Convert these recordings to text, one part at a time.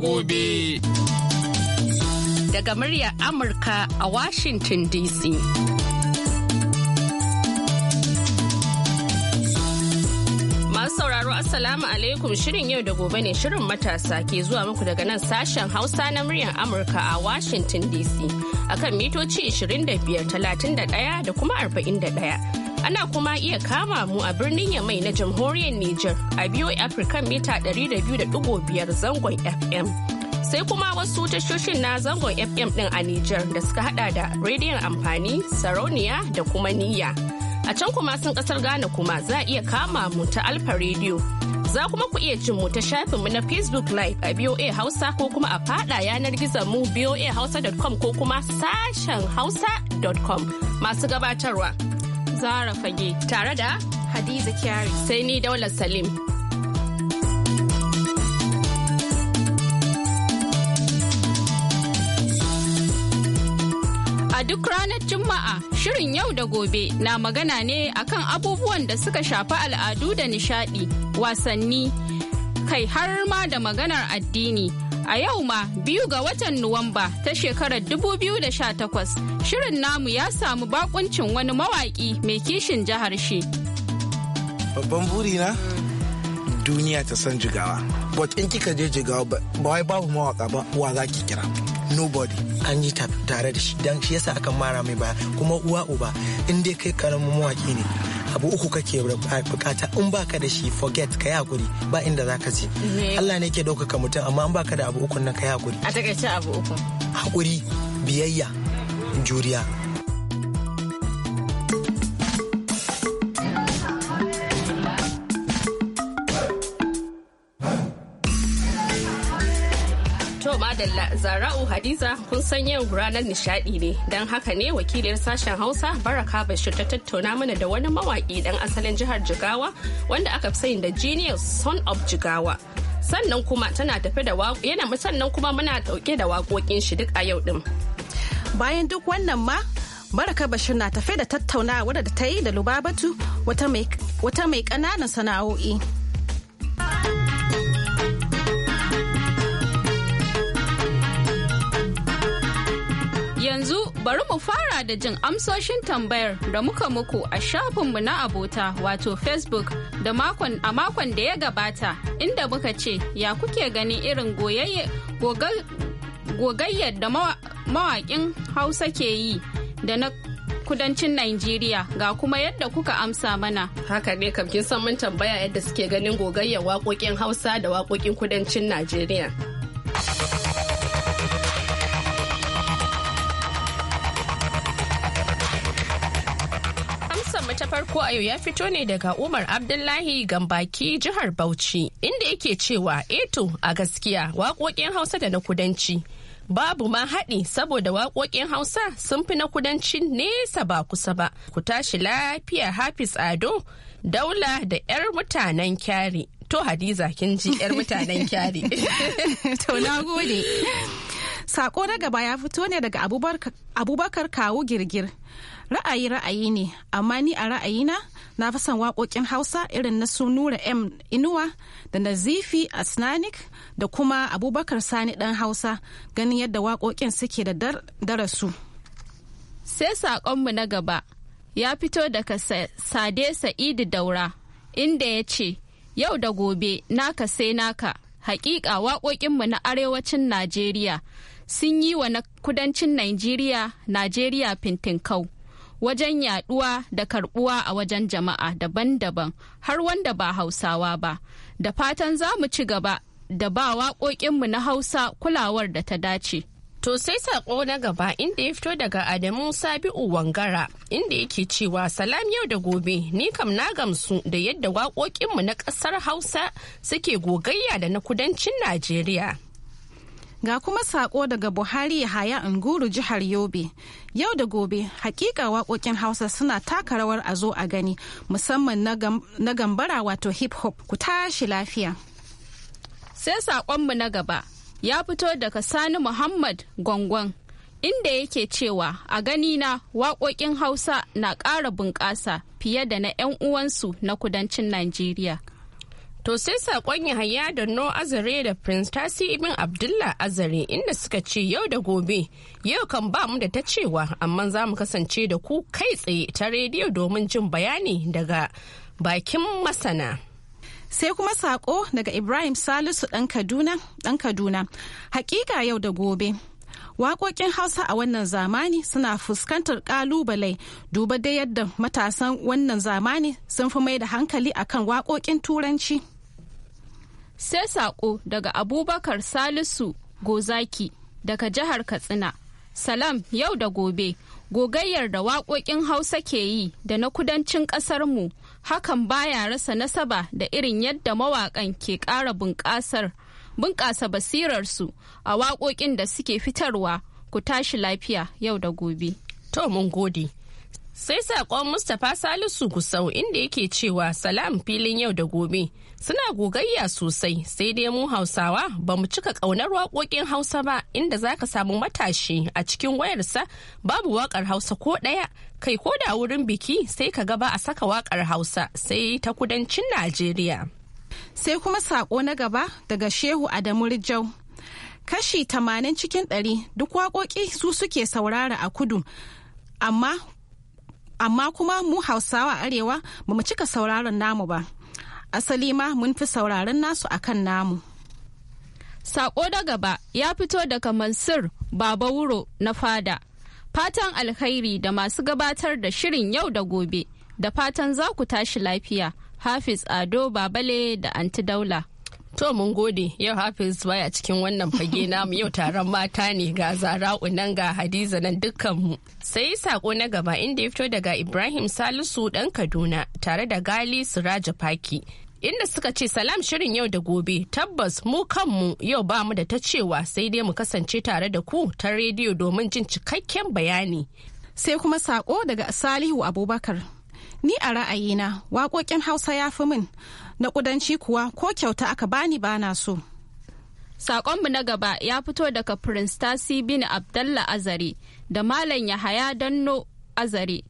gobe. Daga muryar Amurka a Washington DC. Masu sauraro Assalamu alaikum shirin yau da gobe ne shirin matasa ke zuwa muku daga nan sashen Hausa na muryar Amurka a Washington DC akan mitoci 25, 31 da kuma 41. Ana kuma iya kama mu a birnin Yamai na jamhuriyar Nijar a biyo African mita 200.5 zangon FM. Sai kuma wasu tashoshin na zangon FM din a Nijar da suka hada da rediyon amfani, sarauniya da kuma niyya. A can kuma sun kasar Ghana kuma za a iya kama mu ta Alfa Radio. Za kuma ku iya jin mu ta shafinmu na Facebook Live a BOA Hausa ko kuma a fada yanar gizon mu boahausa.com ko kuma sashen hausa.com masu gabatarwa. Zara Fage tare da Hadiza Kyari sai ni Daula Salim. A duk ranar Juma'a shirin yau da gobe na magana ne akan abubuwan da suka shafi al'adu da nishadi, wasanni. kai har ma da maganar addini. A yau ma biyu ga watan Nuwamba ta shekarar 2018 shirin namu ya samu bakuncin wani mawaƙi mai kishin jihar shi. Babban burina duniya ta san jigawa. But in kika je jigawa ba wai babu mawaka ba wa za ki kira. Nobody. An yi tare da shi don shi yasa akan mara mai baya kuma uwa uba in dai kai karamin mawaki ne. abu uku kake bukata in baka da shi forget ka hakuri ba inda zaka je Allah ne ke ɗaukaka mutum amma in baka da abu uku nan ka hakuri a takaice abu uku hakuri biyayya juriya Zara'u Hadiza kun san yau ranar nishadi ne don haka ne wakiliyar sashen Hausa Baraka Bashir ta tattauna mana da wani mawaki dan asalin jihar Jigawa wanda aka fi sani da Genius Son of Jigawa. Sannan kuma tana tafi da yana sannan kuma muna dauke da waƙoƙin shi duk a yau din. Bayan duk wannan ma Baraka Bashir na tafi da tattaunawa da ta yi da Lubabatu wata mai ƙananan sana'o'i. Bari mu fara da jin amsoshin tambayar da muka muku a shafinmu na abota wato Facebook da makon a makon da ya gabata inda muka ce ya kuke ganin irin gogayyar da mawaƙin Hausa ke yi da na kudancin Najeriya ga kuma yadda kuka amsa mana. Haka ne kam kin san mun tambaya yadda suke ganin gogayyar waƙoƙin Hausa da waƙoƙin kudancin Najeriya. farko a yau ya fito ne daga Umar Abdullahi Gambaki jihar Bauchi inda yake cewa eto eh a gaskiya waƙoƙin Hausa da na kudanci. Babu ma haɗi saboda waƙoƙin Hausa sun fi na kudanci nesa ba kusa ba. Ku tashi lafiya Hafiz Ado, Daula da 'yar mutanen kyari. To Hadiza kin ji 'yar mutanen kyari. to na gode. Sako na gaba ya fito ne daga abubakar kawo girgir. Ra'ayi ra'ayi ne, amma ni a ra'ayina na fi son waƙoƙin Hausa irin na su Nura M Inuwa da Nazifi Asnanik da kuma abubakar Sani ɗan Hausa ganin yadda waƙoƙin suke da darasu. Sai saƙonmu na gaba ya fito daga Sade Sa'idu Daura inda ya ce, Yau da gobe naka sai naka. hakika waƙoƙinmu na arewacin Najeriya sun yi wa na kudancin Najeriya, Najeriya kau wajen yaduwa da karbuwa a wajen jama'a daban-daban har wanda ba hausawa ba da fatan za mu ci gaba da ba waƙoƙinmu na hausa kulawar da ta dace To sai sako na gaba inda ya fito daga Adamu Sabi'u Wangara inda yake cewa salam yau da gobe ni kam na gamsu da yadda waƙoƙinmu na ƙasar Hausa suke gogayya da na kudancin Najeriya. Ga kuma sako daga Buhari Yahaya Nguru jihar Yobe. Yau da gobe hakika waƙoƙin Hausa suna taka rawar a zo a gani musamman na gambara wato hip hop ku tashi lafiya. Sai saƙonmu na gaba ya fito daga Sani Muhammad Gongon inda yake cewa a ganina waƙoƙin Hausa na ƙara bunƙasa fiye da na 'yan uwansu na kudancin Najeriya. To sai saƙon Yahaya da No Azare da Prince Tasi Ibn Abdullah Azare inda suka ce yau da gobe yau kan ba mu da ta cewa amma za mu kasance da ku kai tsaye ta rediyo domin jin bayani daga bakin masana. sai kuma saƙo daga ibrahim salisu ɗan kaduna ɗan kaduna hakika yau da gobe Waƙoƙin Hausa a wannan zamani suna fuskantar ƙalubale duba da yadda matasan wannan zamani sun fi mai da hankali akan waƙoƙin Turanci. Sai saƙo daga Abubakar Salisu Gozaki daga jihar Katsina. Salam yau da gobe, gogayyar da waƙoƙin Hausa ke yi da na kudancin ƙasarmu hakan baya rasa nasaba da irin yadda mawaƙan ke ƙara bunƙasar. bunƙasa basirarsu a waƙoƙin da suke fitarwa ku tashi lafiya yau da gobe. To mun gode. Sai saƙon Mustapha Salisu Gusau inda yake cewa salam filin yau da gobe suna gogayya sosai sai dai mu Hausawa ba mu cika ƙaunar waƙoƙin Hausa ba inda za ka samu matashi a cikin wayarsa babu waƙar Hausa ko ɗaya kai ko da wurin biki sai ka gaba a saka waƙar Hausa sai ta kudancin Najeriya. sai kuma sako na gaba daga shehu adamu rijau kashi tamanin cikin ɗari duk waƙoƙi su suke saurara a kudu amma amma kuma mu hausawa arewa ba mu cika sauraron namu ba asali ma mun fi sauraron nasu akan namu Sako da gaba ya fito daga Mansur Baba Wuro na fada. Fatan alkhairi da masu gabatar da shirin yau da gobe, da fatan za ku tashi lafiya. hafiz ado babale da anti daula To mun gode yau Hafiz baya cikin wannan fage namu yau taron mata ne ga zara'u nan ga Hadiza nan dukkanmu. Sai sako na gaba inda ya fito daga Ibrahim Salisu dan Kaduna tare da Gali Siraja Faki. Inda suka ce salam shirin yau da gobe tabbas mu kanmu yau ba mu da ta cewa sai dai mu kasance tare da ku ta rediyo domin jin cikakken bayani. Sai kuma sako daga Salihu Abubakar. Ni a ra'ayina waƙoƙin Hausa ya fi min na ƙudanci kuwa ko kyauta aka bani bana so. saƙonmu na gaba ya fito daga Prince Tasi bin Abdallah Azari da Malam Yahaya Danno azari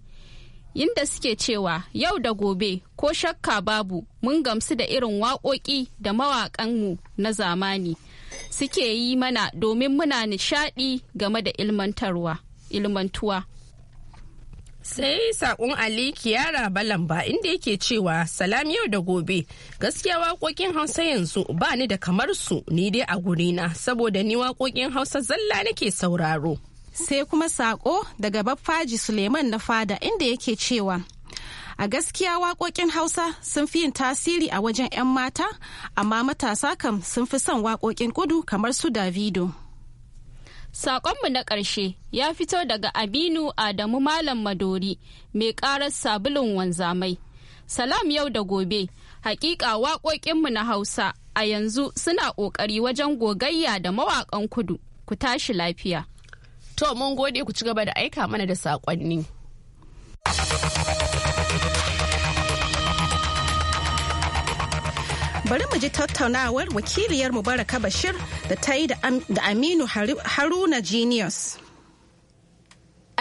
Inda suke cewa yau da gobe ko shakka babu mun gamsu da irin waƙoƙi da mawaƙanmu na zamani suke yi mana domin muna nishaɗi game da ilmantarwa. Ilmantuwa. sai sakon ali kiyara balamba inda yake cewa salam yau da gobe gaskiya waƙoƙin hausa yanzu ba ni da kamar su ni dai a gurina saboda ni waƙoƙin hausa zalla nake sauraro sai kuma sako daga baffaji suleiman na fada inda yake cewa a gaskiya waƙoƙin hausa sun fi yin tasiri a wajen 'yan mata amma matasa kam sun fi son waƙoƙin kudu kamar su davido Sakonmu na ƙarshe ya fito daga Aminu Adamu Malam Madori mai ƙarar sabulun wanzamai. Salam yau da gobe, hakika waƙoƙinmu na Hausa a yanzu suna ƙoƙari wajen gogayya da mawaƙan kudu, ku tashi lafiya. To mun gode ku ci gaba da aika mana da saƙonni. bari mu ji tattaunawar wakiliyar mubaraka bashir da ta yi da aminu haruna genius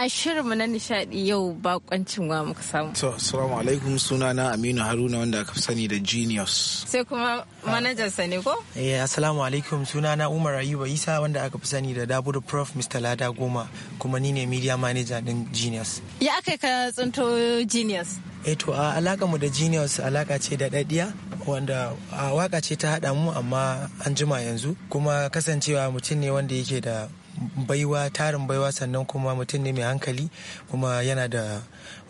A shirinmu na nishadi yau bakoncin wa muka samu. To, salamu alaikum Suna na Aminu Haruna wanda aka sani da Genius. Sai kuma manajansa ne ko? Eh, assalamu alaikum na Umar Ayuba Isa wanda aka fi sani da da Prof Mr. Lada Goma kuma ni ne media manager din Genius. Ya aka ka tsinto Genius? Eh to a alaka mu da Genius alaka ce da daddiya wanda a waka ce ta haɗa mu amma an jima yanzu kuma kasancewa mutum ne wanda yake da baiwa tarin baiwa sannan kuma mutum ne mai hankali kuma yana da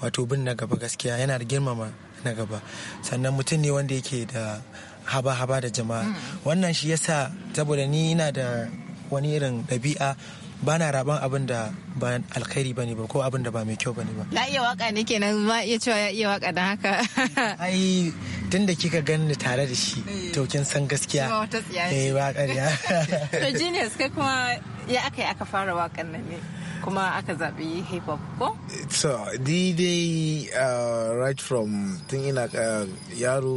wato bin na gaba gaskiya yana da girmama na gaba sannan mutum ne wanda yake da haba-haba da jama'a mm. wannan shi yasa saboda ni yana da wani irin ɗabi'a ba na raban abin da ba alkhairi bane ba ko abin da ba mai kyau bane ba na iya waka ne kenan ma iya cewa ya iya waka da haka ai tun da kika ganni tare da shi eh. to kin san gaskiya eh ba ƙarya to genius kai kuma ya aka yi aka fara wakan nan ne kuma aka zaɓi hip hop ko? so dai uh, right from tun ina uh, yaro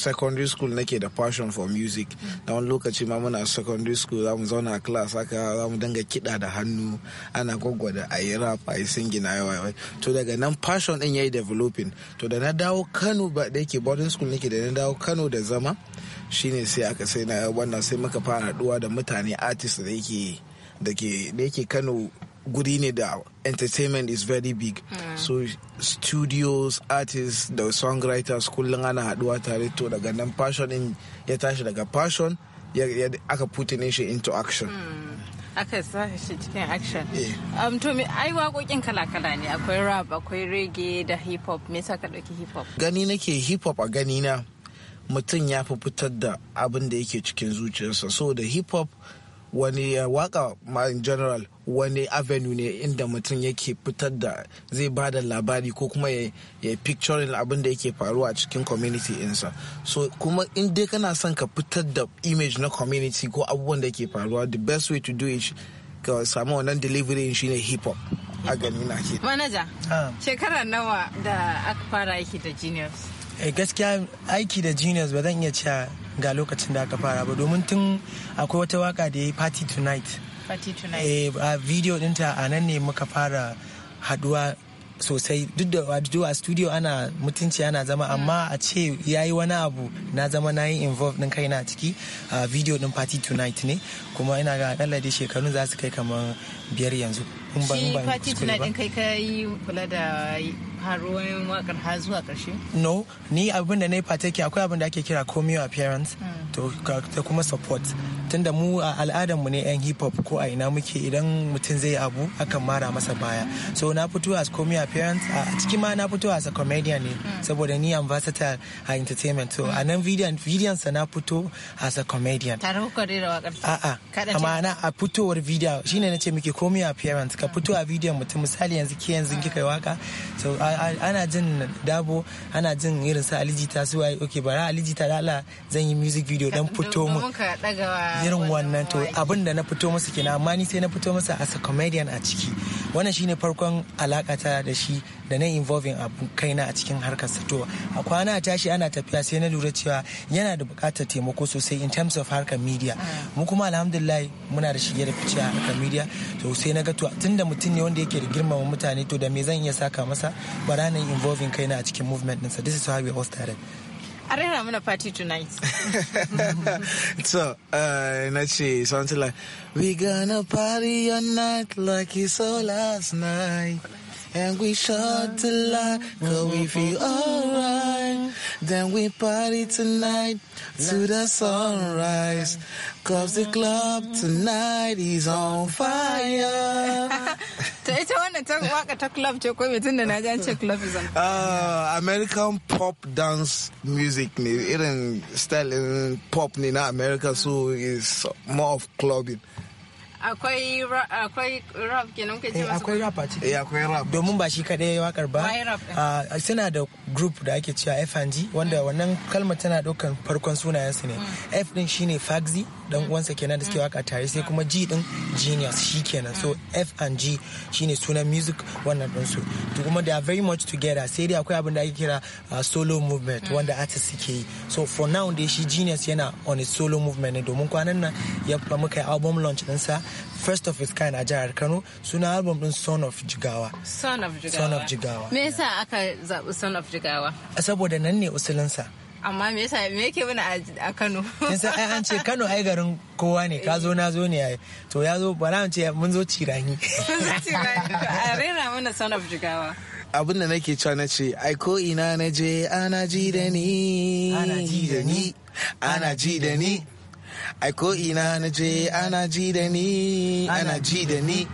secondary school nake da passion for music na wani lokaci ma muna secondary school za mu zauna a class haka za mu dinga kiɗa da hannu ana gwaggwada a yi rap a yi singing a yawa to daga nan passion din ya yi developing to da na dawo kano ba da yake boarding school nake da na dawo kano da zama shine sai aka sai na wannan sai muka fara haɗuwa da mutane artist da yake da yake kano guri ne da entertainment is very big mm. so studios artists da songwriters kullum ana haduwa tare to daga nan passion in ya tashi daga passion ya, aka putin shi into action mm. aka sa shi cikin action eh. um, to ai waƙoƙin kala-kala ne akwai rap akwai reggae da hip hop me yasa ka ɗauki hip hop gani nake hip hop a gani na mutum ya fi fitar da abin da yake cikin zuciyarsa so da hip hop wani eh, waka ma in general wani avenue ne inda mutum yake fitar da zai ba da labari ko kuma ya picturing abin da yake faruwa a cikin community insa so kuma in dai kana son ka fitar da image na community ko abubuwan da yake faruwa the best way to do it ka samu wannan delivery shine hip hop a gani na ke manaja ah. shekara nawa da aka fara aiki da genius eh, gaskiya aiki da genius ba zan iya cewa ga lokacin da aka fara ba domin tun akwai wata waka da ya yi party tonight eh, a video dinta a nan ne muka fara haduwa sosai duk da a studio ana mutunci ana zama mm. amma a ce ya yi wani abu na zama na yi involve din kai na ciki a video din party tonight ne kuma ina ga akalla da shekaru za su kai kamar biyar yanzu shi fati tuna kai ka yi kula da haruwan wakar har zuwa karshe no ni abin da na yi fataki akwai abin da ake kira comeo appearance hmm. to da kuma support tunda mu a al'adarmu ne yan hip hop ko a ina muke idan mutum zai abu akan mara masa baya so na fito as komi appearance a cikin ma na fito as a comedian ne mm. saboda ni am versatile a entertainment so a nan video sa na fito as a comedian tare kuka rera wakar a a amma na a fitowar video shine nace muke komi appearance ka fito a video mutum misali yanzu ke yanzu kika yi waka so ana jin dabo ana jin irin sa alijita su ai okay bara alijita da Allah zan yi music video dan fito mu irin wannan to abin da na fito masa kenan amma ni sai na fito masa as a comedian a ciki wannan shine farkon alakata da shi da na involving a kaina a cikin harkar to a kwana tashi ana tafiya sai na lura cewa yana da bukatar taimako sosai in terms of harkar media mm. mu kuma alhamdulillah muna da shige da fice a harkar media to sai na ga to tunda mutum ne wanda yake da girmama mutane to da me zan iya saka masa bara na involving kaina a cikin movement sa this is how we all started I I'm in a party tonight so uh, na ce something like we gonna party all night like you saw last night and we shot the light, cause we feel alright. Then we party tonight to the sunrise, cause the club tonight is on fire. to club ah, American pop dance music ne irin style pop in America so is more of clubbing. akwai akwai rap kai ce eh, eh, akwai rap a ciki akwai rap domin ba shi kadai wakar ba eh. ah, suna da group da ake cewa F&G wanda mm. wannan kalmar tana daukan farkon sunayensu ne mm. F din shine Fagzi dan uwansa kenan da suke mm. waka tare sai mm. kuma G din genius shi kenan so mm. F and G shine sunan music wannan din su to kuma they are very much together sai dai akwai abin da ake kira uh, solo movement wanda artist suke yi so for now dai shi genius yana on his solo movement ne domin kwanan nan ya muka yi album launch sa first of its kind a jihar Kano suna album din Son of Jigawa Son of Jigawa Son of Jigawa me yasa aka zabi Son of Jigawa saboda nan ne usulinsa amma me yasa me yake mana a Kano kin san ai an ce Kano ai garin kowa ne ka zo na zo ne ai to ya zo bara an ce mun zo cirani mun zo cirani a rera mana son of jigawa abin da nake cewa na ce ai ko ina na je ana ji da ni ana ji da ni ana ji da ni ai ko ina na je ana ji da ni ana ji da ni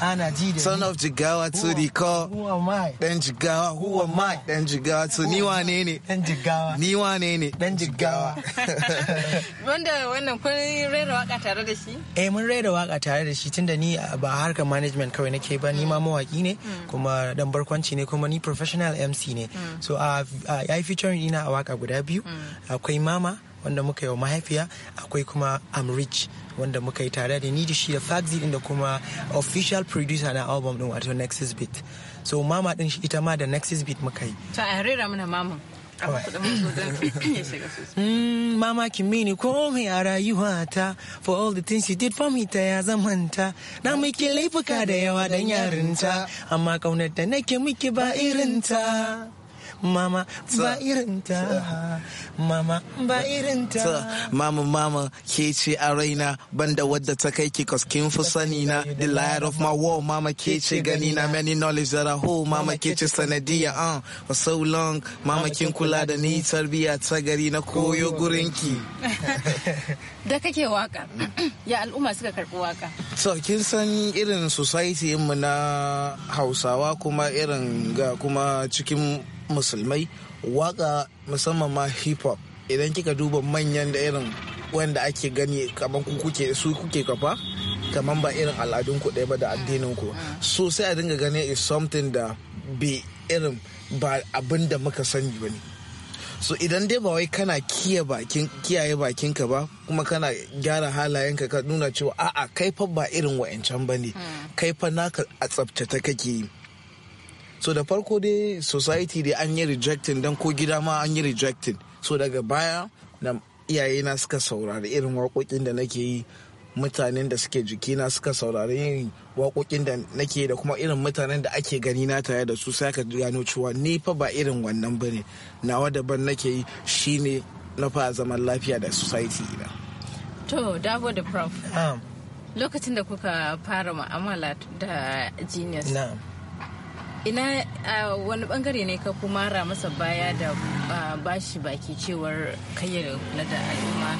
ana ji da son of jigawa to the who am i dan jigawa who am i dan jigawa to ni wane ne dan jigawa ni wane ne dan jigawa wanda wannan kun rera waka tare da shi eh mun rera waka tare da shi tunda ni ah, ba harkar management kawai nake ba ni ma mm. mawaki ne mm. kuma dan barkwanci ne kuma ni professional MC ne mm. so ah, ah, a yi featuring ina a waka guda biyu akwai mama wanda muka yi wa mahaifiya akwai kuma amrich wanda muka yi tare da ni da shi da fagzi din da kuma official producer na album din wato nexus beat so mama din shi ita ma da nexus beat muka yi to a rera mana mama mm, Mama ki mini komai a rayuwata For all the things she did for me ta ya zamanta Na miki laifuka da yawa dan yarinta Amma kaunar da nake miki ba irinta mama ba irin ta mama ba irin ta mama mama ke ce a raina banda wadda ta kai ki kaskin kin fi sani na the liar of my world mama ke ce gani na many knowledge that I hold mama ke ce sanadiya uh, for so long mama kin kula da ni tarbiya ta gari na koyo gurinki da kake waka ya al'umma suka karbi waka so kin san irin society mu na hausawa kuma irin ga kuma cikin musulmai waka musamman ma hip hop idan kika duba manyan da irin wanda ake gani kamar ku kuke su kuke kafa kamar ba irin al'adun ku ɗaya ba da addinin ku so sai a dinga ganin is something da be irin ba abin da muka sani ba ne so idan dai ba wai kana kiyaye bakin kiyaye bakinka ba kuma kana gyara halayenka ka nuna cewa a'a kai fa ba irin wayancan ba ne hmm. kai fa naka a tsaftace kake yi so da farko dai society dai an yi rejecting dan ko gida ma an yi rejecting so daga baya iyayena suka saurari irin waƙoƙin da nake yi mutanen da suke jikina suka saurari irin waƙoƙin da nake da kuma irin mutanen da ake gani na tare da su sai ka gano cewa ni fa ba irin wannan bane nawa daban nake yi shine na fa zaman lafiya da society na to dago da prof lokacin da kuka fara mu'amala da genius ina wani bangare ne ka kuma mara masa baya da bashi baki cewar kayyar kula da al'umma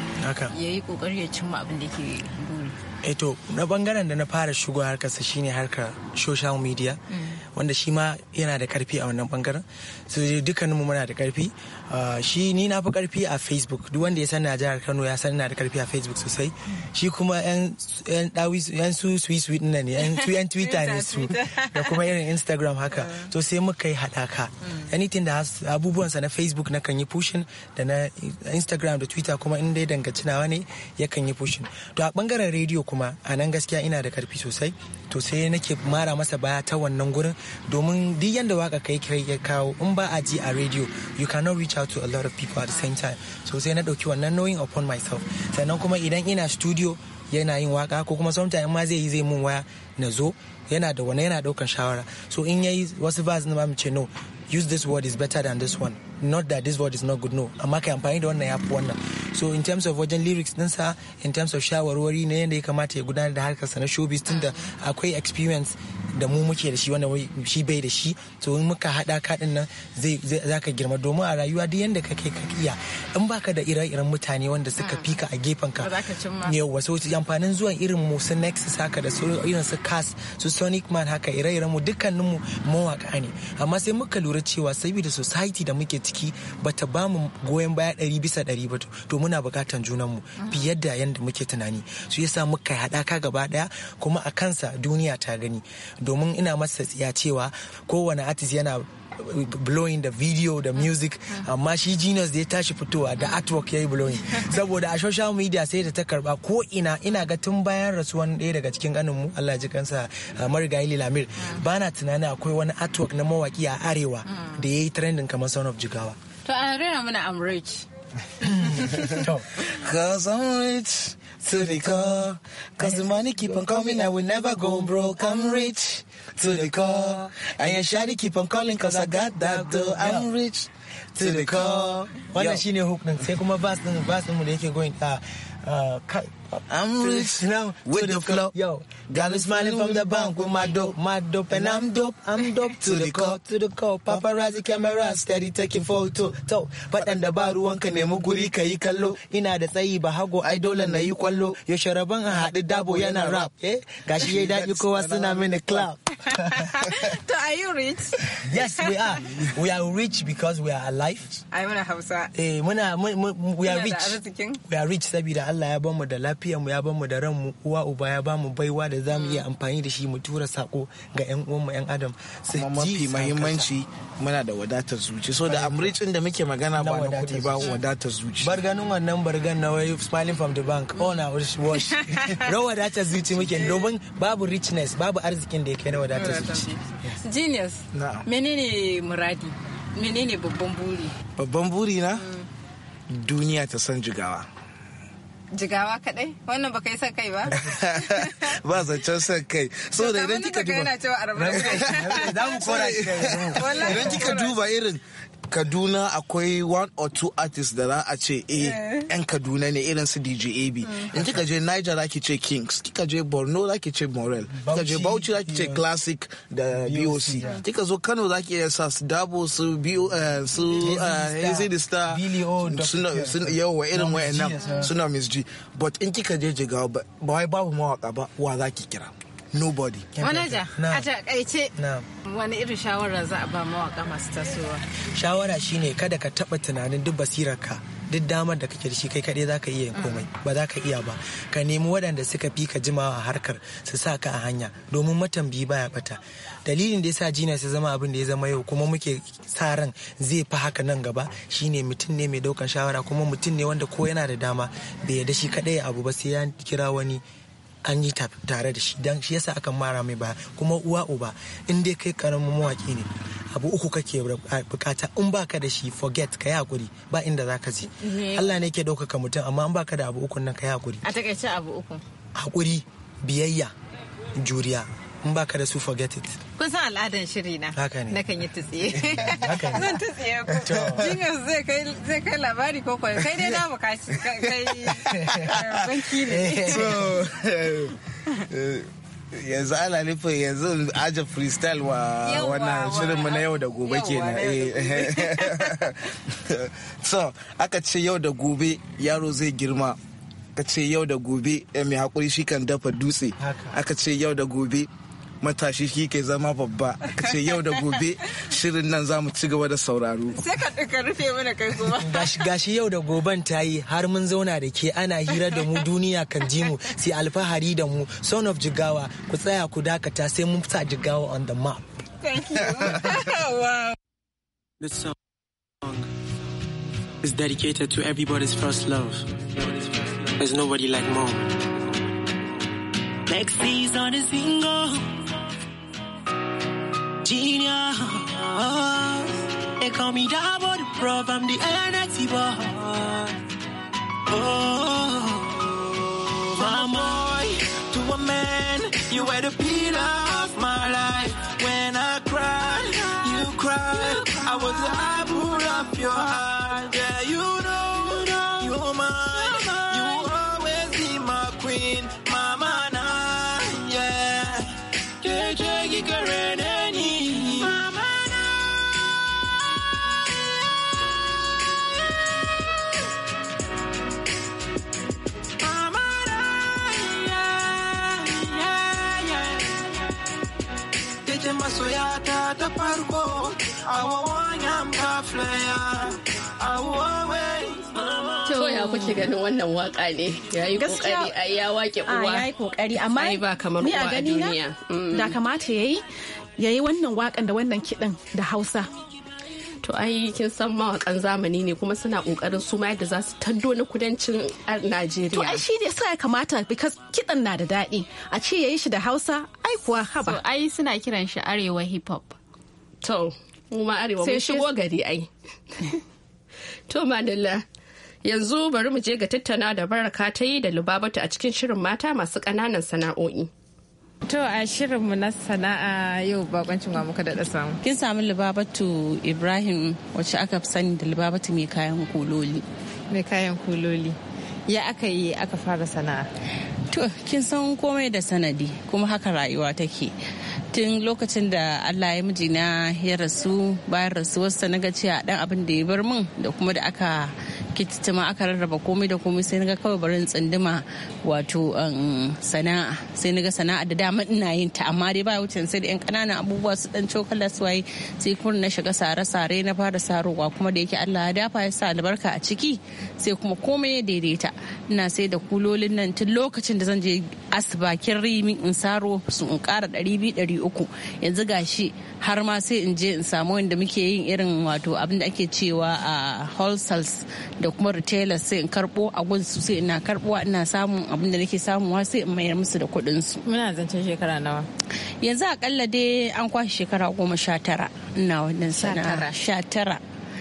ya yi kokari ya cimma abin da ke buri eto eh na bangaren da na fara shigo harkarsa shine harkar social media mm. wanda shi ma yana da karfi a wannan bangaren so dukkaninmu muna da karfi ah, shi ni na fi karfi a facebook duk wanda ya san na jihar kano ya san na da karfi a facebook sosai shi kuma yan dawi yan su sweet sweet nan ne yan twitter ne su da kuma irin instagram haka to sai muka yi hadaka mm. anything da abubuwan sa na facebook na kan yi pushing da na instagram da twitter kuma in dai danganci ne ya kan yi pushing to a bangaren radio kuma a nan gaskiya ina da karfi sosai to sai nake mara masa baya ta wannan gurin domin duk yanda waka kai kai ya kawo in ba a ji a radio you cannot reach out to a lot of people at the same time so sai na dauki wannan knowing upon myself sannan kuma idan ina studio yana yin waka ko kuma sometimes ma zai yi zai mun waya na zo yana da wani yana daukan shawara so in yayi wasu ba na mu ce no use this word is better than this one not that this word is not good no amma kai amfani da wannan ya fi wannan so in terms of wajen lyrics dinsa in terms of shawarwari na yadda ya kamata ya gudanar da harkar na showbiz tun da akwai experience da mu muke da shi wanda shi bai da shi to in muka hada kaɗin nan zai zaka girma domin a rayuwa duk yanda kake ka iya in baka da ire-iren mutane wanda suka ah. fika a gefen ka yawa so amfanin zuwan irin mu su next saka da su irin su cast su Sonic Man haka ire-iren mu dukkanin mu mawaka ne amma sai muka lura cewa saboda society da muke ciki bata ba mu goyon baya ɗari bisa ɗari ba to muna buƙatan junanmu fiye da yadda muke tunani su yasa muka haɗaka gaba ɗaya kuma a kansa duniya ta gani domin ina masa tsiya cewa kowane artist yana blowing da video da music uh-huh. amma shi genius da ya tashi fitowa da artwork ya yi blowing saboda a social media sai da ta karba ko ina ina ga tun bayan rasuwan ɗaya daga cikin ganinmu Allah ji kansa uh, marigayi lilamir uh-huh. ba na tunanin akwai wani artwork na mawaki a arewa uh-huh. da ya yi trending kamar son of jigawa to a rera mana amrich Cause I'm rich to the core Cause the money keep on coming I will never go broke I'm rich to the core. And your shady keep on calling cause I got that dough. I'm rich to the core. Wannan shine hook din sai kuma bass din bass din mu da yake going uh, uh I'm rich now with the, the flow. Yo, got me smiling from the bank with my dope, my dope, and I'm dope, I'm dope to the core, to the core. Paparazzi camera steady taking photo, to. Faɗan dabaru wanka nemi guri ka yi kallo. Ina da tsayi ba hago ai dole na yi kwallo. Yo sharaban a haɗu dabo yana rap. Eh, gashi yayi daɗi kowa suna mini clap. so are you rich? yes, we are. We are rich because we are alive. I wanna have that. Eh, muna we are rich. We are rich sabida Allah ya bamu da lafiyar mu ya bamu da ran mu uwa uba ya bamu baiwa da zamu iya mm. amfani da shi mu tura sako ga yan uwan mu yan adam sai mafi muhimmanci muna da wadatar zuci so da amricin da muke magana ba na kuɗi ba wadatar zuci barganin wannan bargan na wai smiling from the bank oh na wash ro wadatar zuci muke domin babu richness babu arzikin da ya kai na wadatar zuci genius menene muradi menene babban buri babban buri na mm. duniya ta san jigawa jigawa kadai wannan baka yi son kai ba ba zancen son kai da idan kika duba yana cewa arba za mu kora shi idan kika duba irin kaduna akwai one or two artists da za a ce eh yan eh. kaduna ne irin su dj ab mm. in kika je niger za ki ce kings kika je borno za ki ce morel kika je bauchi za ki ce classic da boc kika zo kano za ki iya sa su dabo su bo eh, su hazy the eh, star yawa irin wayannan suna miss g but in kika je jigawa ba wai babu mawaka ba wa za ki kira nobody. Manaja, a takaice wani irin shawara za a ba mawaka masu tasowa? Shawara shine kada ka taɓa tunanin duk basirarka duk damar da kake da shi kai kaɗai za ka iya yin mm. komai ba za ka iya ba ka nemi waɗanda suka fi ka jimawa harkar su sa ka a hanya domin matambi baya bata dalilin da yasa jina su zama abin da ya zama yau kuma muke sa ran zai fi haka nan gaba shine mutum ne mai ɗaukan shawara kuma mutum ne wanda ko yana da dama bai yarda shi kaɗai abu ba sai ya kira wani an yi tare da shi dan shi yasa aka mara mai baya kuma uwa uba in dai kai karamin mawaki ne abu uku kake bukata in baka da shi forget ka yi hakuri ba inda zaka je mhm. Allah ne ke ɗaukaka mutum amma in baka da abu uku nan ka yi hakuri a takaice abu uku hakuri biyayya juriya in baka da su forget it kun san al'adan shiri na haka ne nakan yi ne. zan tutsiye ku jinga zai kai zai kai labari ko kai kai dai na bukaci kai banki ne so eh, yanzu ana nufin yanzu aja freestyle wa wannan shirin mu na yau da gobe kenan eh. so aka ce yau da gobe yaro zai girma aka ce yau da gobe eh, mai haƙuri shi kan dafa dutse aka ce yau da gobe matashi shi ke zama babba ka ce yau da gobe shirin nan za mu ci gaba da sauraro sai ka duka rufe mana kai kuma gashi yau da goben ta yi har mun zauna da ke ana hira da mu duniya kan ji mu sai alfahari da mu son of jigawa ku tsaya ku dakata sai mun sa jigawa on the map thank you wow this song is dedicated to everybody's first love there's nobody like mom Next season is single Virginia. They call me Davo the Prof, I'm the NXT boy. Oh, my boy, to a man, you were the pillar of my life. When I cried, you cried. I was the apple of your eye. ya kuke ganin wannan waka ne ya yi kokari a ya wake uwa ya yi kokari amma ba kamar uwa a duniya mm. da kamata yayi yayi wannan wakan da wannan kidan da Hausa to ai kin san mawakan zamani ne kuma suna kokarin su ma yadda za su taddo na kudancin Najeriya. To ai shi ne sai kamata because kidan na da daɗi a ce yayi shi da Hausa ai kuwa haba. So ai suna kiran shi Arewa hip hop. To mu ma Arewa mun shigo gari ai. to madalla Yanzu bari mu je ga tattauna da baraka ta yi da Lubabatu a cikin shirin mata masu kananan sana'o'i. To a shirinmu na sana'a yau bakoncin wa muka daɗa samu. Kin samu Lubabatu Ibrahim wacce aka fi sani da Lubabatu mai kayan kuloli. Mai kayan kuloli. Ya aka yi aka fara sana'a. To, kin san komai da sanadi kuma haka rayuwa take. Tun lokacin da Allah ya mijina ya rasu bayan rasuwarsa na ga cewa dan abin da ya bar min da kuma da aka kittima aka rarraba komai da komai sai naga kawai barin tsinduma wato um, sana'a sai naga sana'a da dama ina yin ta amma dai baya wucin sai da yan kananan abubuwa su dan cokala su waye sai kun na shiga sare-sare na fara sarowa kuma da yake Allah ya dafa ya sa albarka a ciki sai kuma komai ya daidaita ina sai da kulolin nan tun lokacin da zan je asibakin rimi in saro su in kara ɗari biyu ɗari uku yanzu gashi har ma sai in je in samu wanda muke yin irin wato abin da ake cewa a wholesales da kuma retailers sai in karɓo a su sai ina a ina samun abin da nake samuwa sai in mayar musu da kuɗin su. Muna zancen shekara nawa? Yanzu akalla dai an kwashe shekara goma sha tara ina wannan sana'a. Sha tara.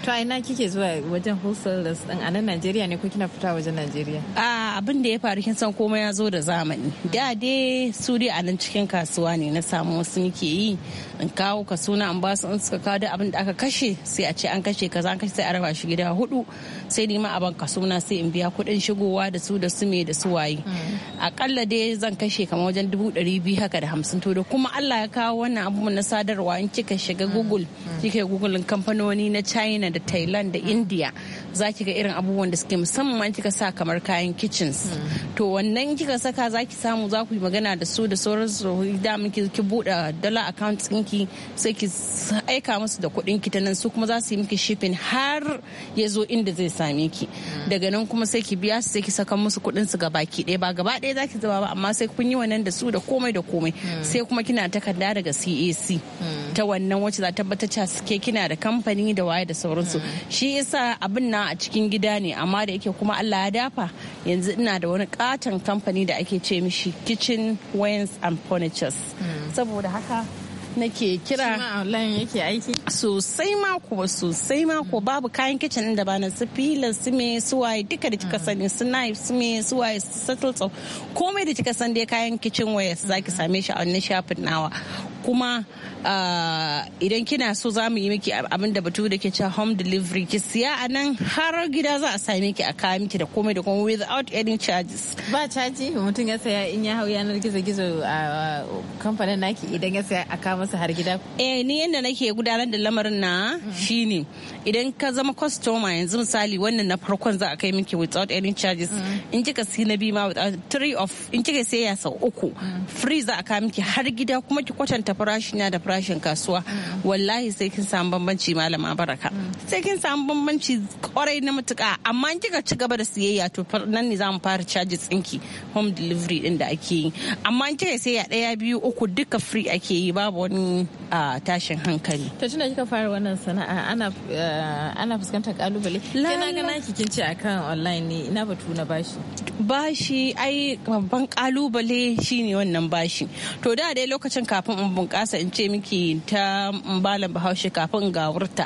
To ina kike zuwa wajen wholesalers din a nan Najeriya ne ko kina fita wajen Najeriya? A abin da ya faru kin san komai ya zo da zamani. Da dai su dai a nan cikin kasuwa ne na samu wasu nike yi in kawo kasuwa an ba su in suka kawo da abin da aka kashe sai a ce an kashe kaza an kashe sai a raba shi gida hudu sai ni ma a banka suna sai in biya kuɗin shigowa da su da su me da su waye mm. akalla dai zan kashe kamar wajen dubu ɗari biyu haka da hamsin to da kuma Allah ya kawo wannan abubuwan na sadarwa in kika shiga mm. Google mm. kika Google kamfanoni na China da Thailand da India za ki ga irin abubuwan da suke musamman kika sa kamar kayan kitchens to wannan kika saka za ki samu za ku yi magana da su da sauran su da muke ki buɗe dala account ɗinki sai ki aika musu da kuɗin ki ta nan su kuma za su yi miki shipping har ya zo inda zai same ki daga nan kuma sai ki biya su sai ki saka musu kuɗin su gaba baki ɗaya ba gaba ɗaya zaki zuba ba amma sai kun yi wannan da su da komai da komai sai kuma kina takarda daga CAC ta wannan wacce za tabbatar cewa suke kina da kamfani da waye da sauransu shi yasa abin na a cikin gida ne amma da yake kuma Allah ya dafa yanzu ina da wani katon kamfani da ake ce mishi kitchen wines and furnitures saboda haka nake kira yake aiki sosai mako sosai mako babu kayan kitchen da ba na sifilin su me su waye duka da kika ah. sani su knife su me su waye su komai da kika san dai kayan kitchen waya zaki same shi a wannan shafin nawa kuma ah, idan kina so za mu yi miki abin da batu da ke cewa home delivery ki siya a nan har gida za a sami ki a kawo miki da komai da komai without any charges ba caji mutum ya saya in ya hau yanar gizo gizo a ah, kamfanin naki idan ya saya a kawo masa har gida eh ni yanda nake gudanar da lamarin na shine idan ka zama customer yanzu misali wannan na farkon za a kai miki without any charges mm. in kika si na biyu ma without three of in kika siya sau uku mm. free za a kawo miki har gida kuma ki kwatanta farashi na da farashin kasuwa wallahi sai kin samu bambanci malama baraka sai kin samu bambanci kwarai na mutuka amma in kika ci gaba da siyayya to nan ne za mu fara caji tsinki home delivery din da ake yi amma in kika sai daya biyu uku duka free ake yi babu wani tashin hankali to tunda kika fara wannan sana'a ana eh, ana fuskantar kalubale kina ga naki kin ci akan online ne ina batu na bashi bashi ai babban kalubale shine wannan bashi to da dai lokacin kafin in bunƙasa in ce miki ta mbalan bahaushe kafin ga wurta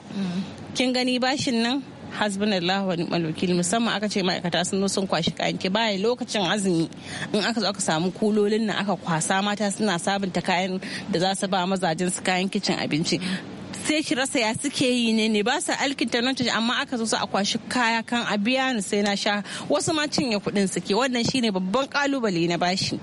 kin gani bashin nan hasbin wa ni'mal wakil musamman aka ce ma'aikata sun zo sun kwashi kayan ki bayan lokacin azumi in aka zo aka samu kulolin nan aka kwasa mata suna sabunta kayan da za su ba mazajen su kayan kicin abinci sai ki rasa ya suke yi ne ne ba su alkinta nota amma aka zo su a kwashi kaya kan a biya ni sai na sha wasu ma cinye kuɗin suke wannan shine babban kalubale na bashi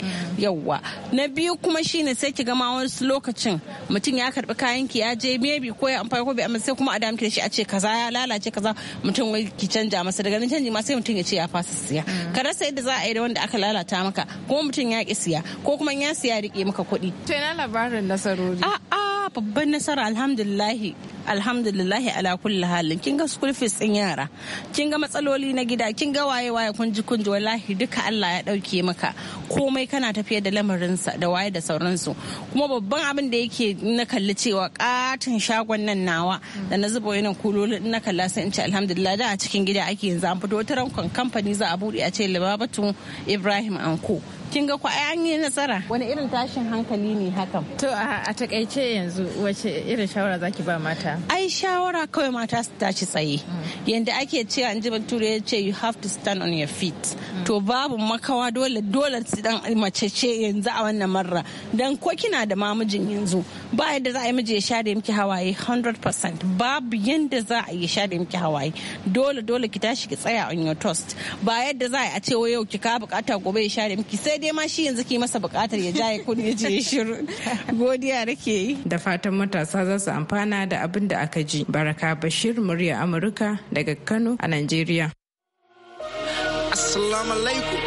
yawwa na biyu kuma shine sai ki gama wasu lokacin mutum ya karbi kayan ki ya je maybe ko ya amfani ko bai amma sai kuma a da shi a ce kaza ya lalace kaza mutum wai ki canja masa daga nan canji ma sai mutum ya ce ya fasa siya ka rasa yadda za a yi da wanda aka lalata maka ko mutum ya ki siya ko kuma ya siya rike maka kuɗi to ina labarin nasarori a'a babban nasara alhamdulillahi alhamdulillahi ala kulli halin kin ga school fees din yara kin ga matsaloli na gida kin ga waye waye kun ji kun ji wallahi duka Allah ya dauke maka komai kana tafiya da lamarin sa da waye da sauransu kuma babban abin da yake na kalli cewa katin shagon nan nawa da na zuba yanan din na kalla sai in ce alhamdulillah da a cikin gida ake yanzu an fito wata company za a buɗe a ce libabatu Ibrahim Anko kin ga kwa an yi nasara wani irin tashin hankali ne hakan to a takaice yanzu wace irin shawara zaki ba mata ai shawara kawai mata su tashi tsaye mm. yanda ake cewa an ji bature ya ce you have to stand on your feet mm. to babu makawa dole dole su dan mace ce yanzu a wannan marra dan ko kina da mamijin yanzu ba yadda za a yi miji ya share miki hawaye 100% babu yadda za a yi share miki hawaye dole dole ki tashi ki tsaya on your toast ba yadda za a ce yau ki ka bukata gobe ya share miki sai dai ma shi yanzu ke masa bukatar ya jaye kudi ya je shiru godiya nake yi da fatan matasa za su amfana da abin da aka ji baraka bashir murya amurka daga kano a nigeria assalamu alaikum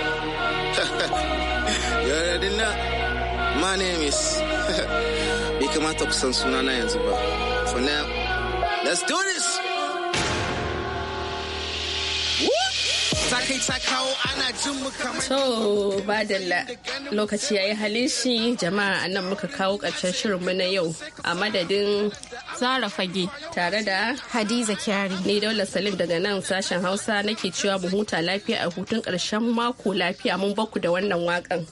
my name is bai kamata kusan sunana yanzu ba for now let's do this so ba da lokaci ya yi halin shi jama'a nan muka kawo ƙarshen shirin mu na yau a madadin Zara Fage tare da Hadiza Kyari ni daular Salim daga nan sashen Hausa nake cewa mu huta lafiya a hutun karshen mako lafiya mun baku da wannan wakan.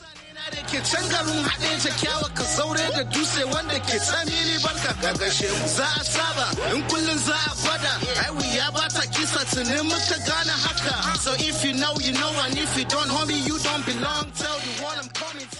da ke can garin haɗe ta kyawa ka saure da dutse wanda ke tsamini barka ka mu za a saba in kullum za a gwada ai ya ba ta kisa tunin muka gane haka so if you know you know and if you don't homie you don't belong tell the one I'm coming